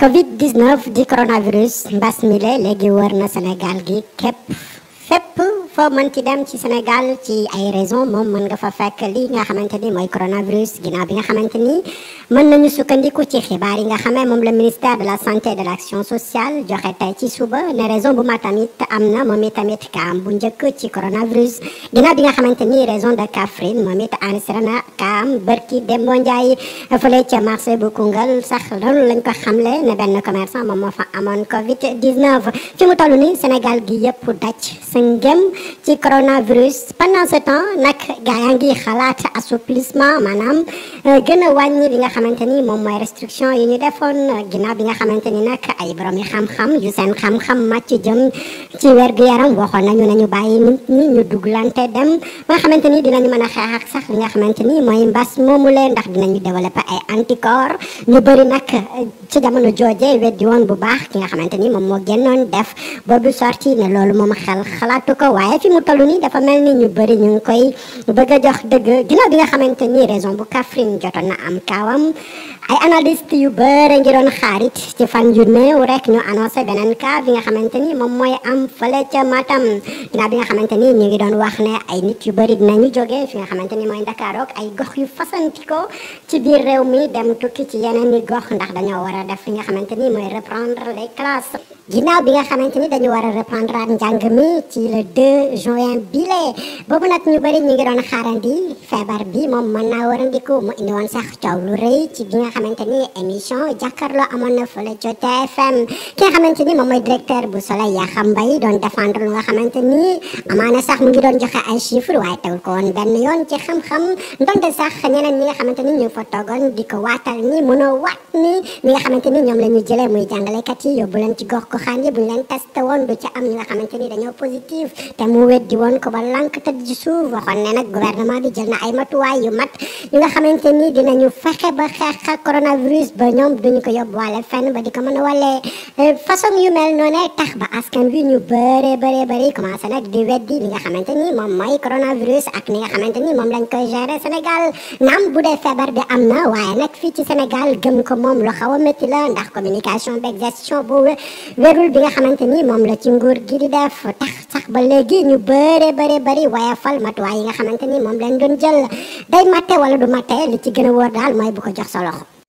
Covid 19 di coronavirus mbas mi la léegi wër na Sénégal gi képp fépp. foo mën ci dem ci Sénégal ci ay raison moom mën nga fa fekk lii nga xamante ni mooy coronavirus ginnaaw bi nga xamante ni mën nañu sukkandiku ci xibaar yi nga xamee moom le ministère de la santé et de l'action sociale joxe tey ci suba ne raison bu ma am na moom i tamit ka am bu njëkk ci coronavirus ginnaaw bi nga xamante ni raison de Kaffrine moom it enregistré na ka am bërki Dembo Ndiaye fële ca marché bu Koungheul sax loolu lañ ko xamle ne benn commerçant moom moo fa amoon covid 19 ci coronavirus pendant ce temps nag gaa yaa ngi xalaat assouplissement maanaam euh, gën a wàññi li nga xamante ni moom mooy restriction yi ñu defoon euh, ginnaaw bi nga xamante ni nag ay borom yi xam-xam yu seen xam-xam màcc jëm ci wér-gu-yaram waxoon nañu nañu bàyyi nit ñi ñu duglante dem ba nga xamante ni dinañu mën a xeex ak sax li nga xamante ni mooy mbas moomu lee ndax dinañu développé ay anticorps ñu bëri nag euh, ci jamono jooje weddi woon bu baax ki nga xamante ni moom moo génnoon def boobu sorti ne loolu moom waaye fi mu toll nii dafa mel ni ñu bëri ñu ngi koy bëgg a jox dëgg ginnaaw bi nga xamante ni raison bu Kaffrine jotoon na am kaawam ay analyste yu bëri ngi doon xaarit ci fan yu néew rek ñu annoncé beneen cas bi nga xamante ni moom mooy am fële ca Matam ginnaaw bi nga xamante ni ñu ngi doon wax ne ay nit yu bëri dinañu jógee fi nga xamante ni mooy Ndakaar ay gox yu fasantikoo ci biir réew mi dem tukki ci yeneen i gox ndax dañoo war a def fi nga xamante ni mooy reprendre les classes ginnaaw bi nga xamante ni dañu war a reprendre ak njàng mi ci le 2 juin bile boobu nag ñu bëri ñu ngi doon xaarandi feebar bi moom mën naa warandiku mu indi woon sax coow lu rëy ci bi nga xamante ni émission jàkkaarloo amoon na fële ca TFM ki nga xamante ni moom mooy directeur bu Soleil Yakham Mbaye doon défendre lu nga xamante ni amaana sax mu ngi doon joxe ay chiffres waaye tewul ko woon benn yoon ci xam-xam ndonte sax ñeneen ñi nga xamante ni ñu fa toogoon di ko waatal ni mënoo waat nga xamante ñu jëlee muy ci gox ko goxaan yi bu ñu leen testé woon du ci am ñi nga xamante ni dañoo positif te mu weddi woon ko ba lank tëdd ci suuf waxoon ne nag gouvernement bi jël na ay matuwaay mat yi nga xamante ni dinañu fexe ba xeex coronavirus ba ñoom duñ ko yóbbuwaale fenn ba di ko mën a euh, façon yu mel noonu tax askan wi ñu bëree bëree bëri commencé nag di weddi li nga xamante ni moom coronavirus ak ni nga xamante ni moom lañ koy gérer Sénégal naam bu dee feebar bi am a wérul bi nga xamante ni moom la ci nguur gi di def tax sax ba léegi ñu bëre bëre bëri waaye mat matuwaay yi nga xamante ni moom lañ doon jël day matte wala du matte li ci gën a wóor daal mooy bu ko jox sa loxo